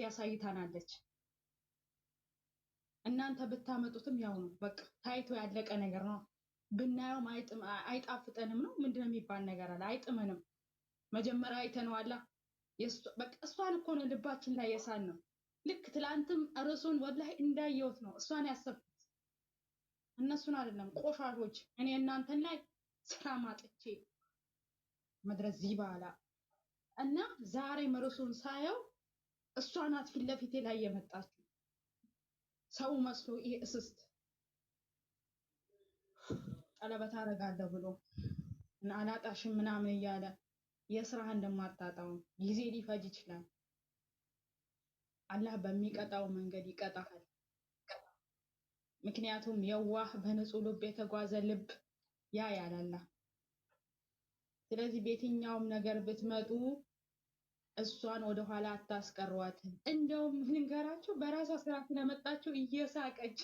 ጊዜ አሳይታናለች። እናንተ ብታመጡትም ያው ነው፣ በቃ ታይቶ ያለቀ ነገር ነው። ብናየውም አይጣፍጠንም ነው ምንድነው የሚባል ነገር አለ። አይጥመንም። መጀመሪያ አይተነዋላ። በቃ እሷን እኮ ነው ልባችን ላይ የሳን ነው። ልክ ትላንትም ርዕሱን ወላሂ እንዳየሁት ነው እሷን ያሰብኩት፣ እነሱን አይደለም። ቆሻሾች እኔ እናንተን ላይ ስራ ማጥቼ መድረስ እና ዛሬ ርዕሱን ሳየው እሷ ናት ፊት ለፊቴ ላይ የመጣችው ሰው መስሎ ይህ እስስት ቀለበት አደርጋለሁ ብሎ አላጣሽም ምናምን እያለ የስራ እንደማታጣው ጊዜ ሊፈጅ ይችላል። አላህ በሚቀጣው መንገድ ይቀጣል? ምክንያቱም የዋህ በንጹህ ልብ የተጓዘ ልብ ያ ያላላ። ስለዚህ በየትኛውም ነገር ብትመጡ እሷን ወደኋላ አታስቀሯትም። እንደውም ልንገራችሁ በራሷ ስራ ስለመጣችሁ እየሳቀች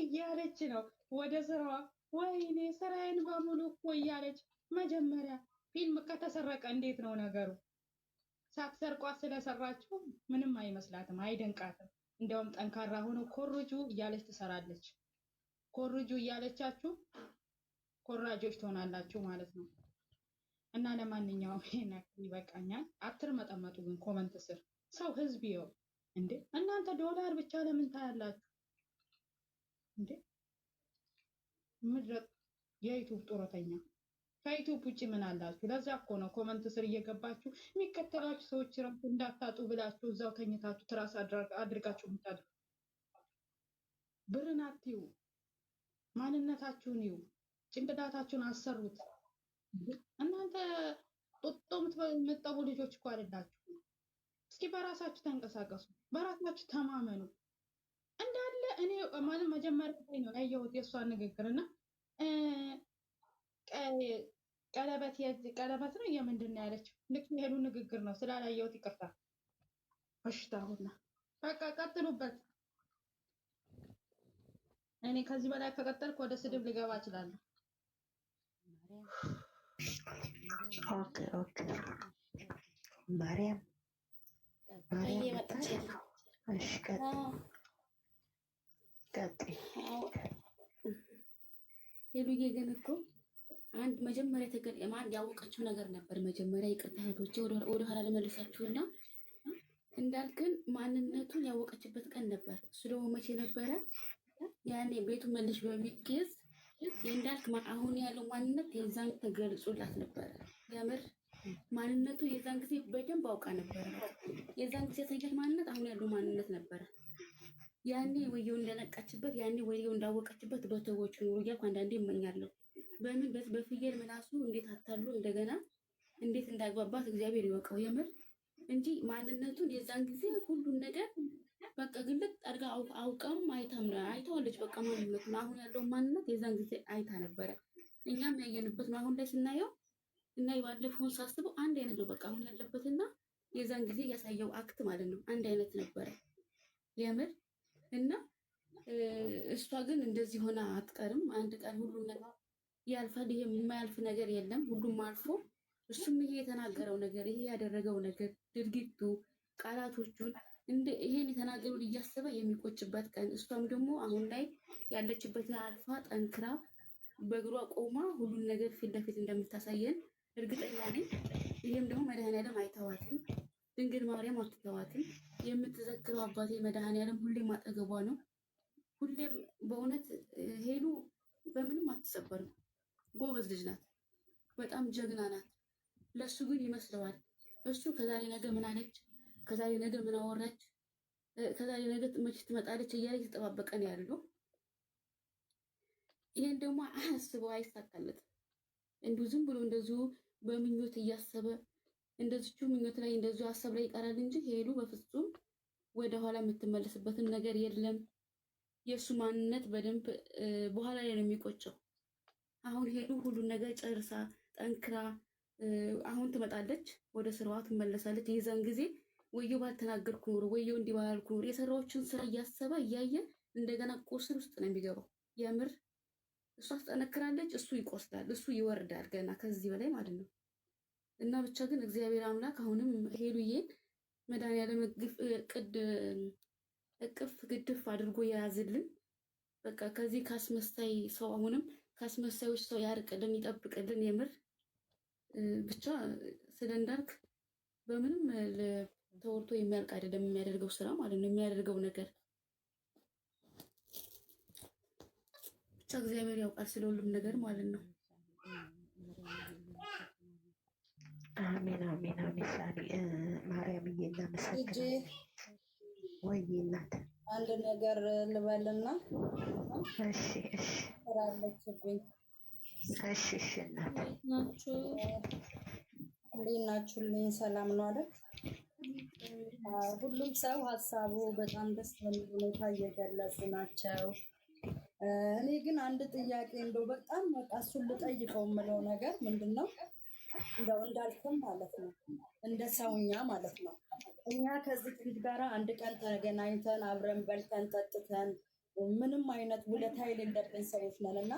እያለች ነው ወደ ስራዋ። ወይኔ ስራዬን በሙሉ እኮ እያለች መጀመሪያ ፊልም ከተሰረቀ እንዴት ነው ነገሩ? ሳትሰርቋት ስለሰራችሁ ምንም አይመስላትም፣ አይደንቃትም። እንደውም ጠንካራ ሆኖ ኮርጁ እያለች ትሰራለች። ኮርጁ እያለቻችሁ ኮራጆች ትሆናላችሁ ማለት ነው። እና ለማንኛውም ይሄን ያክል ይበቃኛል። አትርመጠመጡ ግን ኮመንት ስር ሰው ህዝብ ይኸው እንዴ እናንተ ዶላር ብቻ ለምን ታያላችሁ እንዴ? ምድረ የዩቱብ ጡረተኛ ከዩቱብ ውጭ ምን አላችሁ? ለዛ እኮ ነው ኮመንት ስር እየገባችሁ የሚከተላችሁ ሰዎች ራሱ እንዳታጡ ብላችሁ እዛው ተኝታችሁ ትራስ አድርጋችሁ የምታድሩ ብርን አትዩ፣ ማንነታችሁን ይዩ፣ ጭንቅላታችሁን አሰሩት። እናንተ ጦጦ የምትጠቡ ልጆች እኮ አይደላችሁ። እስኪ በራሳችሁ ተንቀሳቀሱ፣ በራሳችሁ ተማመኑ። እንዳለ እኔ ማለት መጀመሪያ ላይ ነው ያየሁት የእሷን ንግግር እና ቀለበት ቀለበት ነው የምንድን ነው ያለችው? ልክ የሄዱ ንግግር ነው ስላላየሁት ይቅርታ። በሽታ በቃ ቀጥሉበት። እኔ ከዚህ በላይ ከቀጠልኩ ወደ ስድብ ልገባ እችላለሁ። ኦኬ ኦኬ። ማርያም ማርያም እሺ፣ ሄሉዬ። ግን እኮ አንድ መጀመሪያ ተገ- አንድ ያወቀችው ነገር ነበር። መጀመሪያ ይቅርታ እህቶቼ፣ ወደ ኋላ እንዳልክን ማንነቱን ያወቀችበት ቀን ነበር። ስለሆነ መቼ ነበረ ያኔ ቤቱ መልሽ በሚል የእንዳልክ አሁን ያለው ማንነት የዛን ተገልጾላት ነበረ። የምር ማንነቱ የዛን ጊዜ በደንብ አውቃ ነበረ። የዛን ጊዜ ያሳያት ማንነት አሁን ያለው ማንነት ነበረ። ያኔ ወየው እንደነቃችበት፣ ያኔ ወየው እንዳወቀችበት በተወች ኑሮ እያልኩ አንዳንዴ ይመኛለሁ። በምን በፍየል ምላሱ እንዴት አታሉ እንደገና እንዴት እንዳግባባት እግዚአብሔር ይወቀው። የምር እንጂ ማንነቱን የዛን ጊዜ ሁሉን ነገር አድርጋ አውቀም አይታም ነው አይተዋለች። በቃ ማንነት ነው አሁን ያለው ማንነት የዛን ጊዜ አይታ ነበረ። እኛም ያየንበት ነው። አሁን ላይ ስናየው እና ባለፈውን ሳስበው አንድ አይነት ነው። በቃ አሁን ያለበትና የዛን ጊዜ ያሳየው አክት ማለት ነው አንድ አይነት ነበረ የምር እና እሷ ግን እንደዚህ ሆነ አትቀርም። አንድ ቀን ሁሉም ነገር ያልፋል። ይሄ የማያልፍ ነገር የለም። ሁሉም አልፎ እሱም ይሄ የተናገረው ነገር ይሄ ያደረገው ነገር ድርጊቱ ቃላቶቹን እንደ ይሄን የተናገሩን እያሰበ የሚቆጭበት ቀን እሷም ደግሞ አሁን ላይ ያለችበትን አልፋ ጠንክራ በእግሯ ቆማ ሁሉን ነገር ፊት ለፊት እንደምታሳየን እርግጠኛ ነኝ። ይህም ደግሞ መድኃኔዓለም አይተዋትም፣ ድንግል ማርያም አትተዋትም። የምትዘክረው አባቴ መድኃኔዓለም ሁሌም አጠገቧ ነው። ሁሌም በእውነት ሄሉ በምንም አትሰበርም። ጎበዝ ልጅ ናት፣ በጣም ጀግና ናት። ለእሱ ግን ይመስለዋል። እሱ ከዛሬ ነገ ምን አለች ከዛሬ ነገ ምን አወራች፣ ከዛሬ ነገ መች ትመጣለች እያለ እየተጠባበቀ ነው ይሄን ደግሞ አስበው አይሳካለትም። እንዲሁ ዝም ብሎ እንደዚሁ በምኞት እያሰበ እንደዚቹ ምኞት ላይ እንደዚሁ ሀሳብ ላይ ይቀራል እንጂ ሄሉ በፍጹም ወደኋላ የምትመለስበትም ነገር የለም። የእሱ ማንነት በደንብ በኋላ ላይ ነው የሚቆጨው። አሁን ሄሉ ሁሉን ነገር ጨርሳ ጠንክራ አሁን ትመጣለች፣ ወደ ስራዋ ትመለሳለች። የዛን ጊዜ ወየው ባልተናገርኩ ኑሮ ወየው እንዲህ ባላልኩ ኑሮ የሰራዎችን ስራ እያሰበ እያየ እንደገና ቁስል ውስጥ ነው የሚገባው። የምር እሷ አስጠነክራለች፣ እሱ ይቆስላል፣ እሱ ይወርዳል ገና ከዚህ በላይ ማለት ነው። እና ብቻ ግን እግዚአብሔር አምላክ አሁንም ሄሉዬን መድኃኒዓለም እቅፍ ግድፍ አድርጎ የያዝልን። በቃ ከዚህ ካስመሳይ ሰው አሁንም ካስመሳዮች ሰው ያርቅልን፣ ይጠብቅልን። የምር ብቻ ስለ እንዳልክ በምንም ተወርቶ የሚያልቅ አይደለም የሚያደርገው ስራ ማለት ነው የሚያደርገው ነገር ብቻ እግዚአብሔር ያውቃል ስለ ሁሉም ነገር ማለት ነው። አሜን አሜን አሜን። ሳሪ ማርያም እየናመሰግ ወይ እናት አንድ ነገር ልበልና እሺ እሺ ራለችብኝ እሺ እሺ እናት እንዴት ናችሁልኝ? ሰላም ነው አይደል? ሁሉም ሰው ሀሳቡ በጣም ደስ በሚል ሁኔታ እየገለጹ ናቸው። እኔ ግን አንድ ጥያቄ እንደው በጣም በቃ እሱን ልጠይቀው የምለው ነገር ምንድን ነው እንደው እንዳልኩም ማለት ነው እንደ ሰውኛ ማለት ነው እኛ ከዚህ ልጅ ጋራ አንድ ቀን ተገናኝተን አብረን በልተን ጠጥተን ምንም አይነት ውለታ የሌለብን ሰዎች ነን እና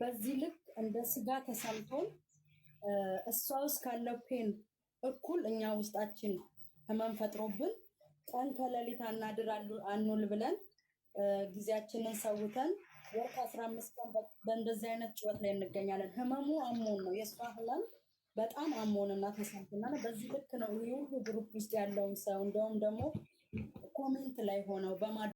በዚህ ልክ እንደ ስጋ ተሰምቶን እሷ ውስጥ ካለው ፔን እኩል እኛ ውስጣችን ህመም ፈጥሮብን ቀን ከሌሊት አናድር አኑል ብለን ጊዜያችንን ሰውተን ወር ከአስራ አምስት ቀን በእንደዚህ አይነት ጭወት ላይ እንገኛለን። ህመሙ አሞን ነው። የእሷ ህመም በጣም አሞንና ተሰምቶና በዚህ ልክ ነው። ይህ ሁሉ ግሩፕ ውስጥ ያለውን ሰው እንደውም ደግሞ ኮሜንት ላይ ሆነው በማ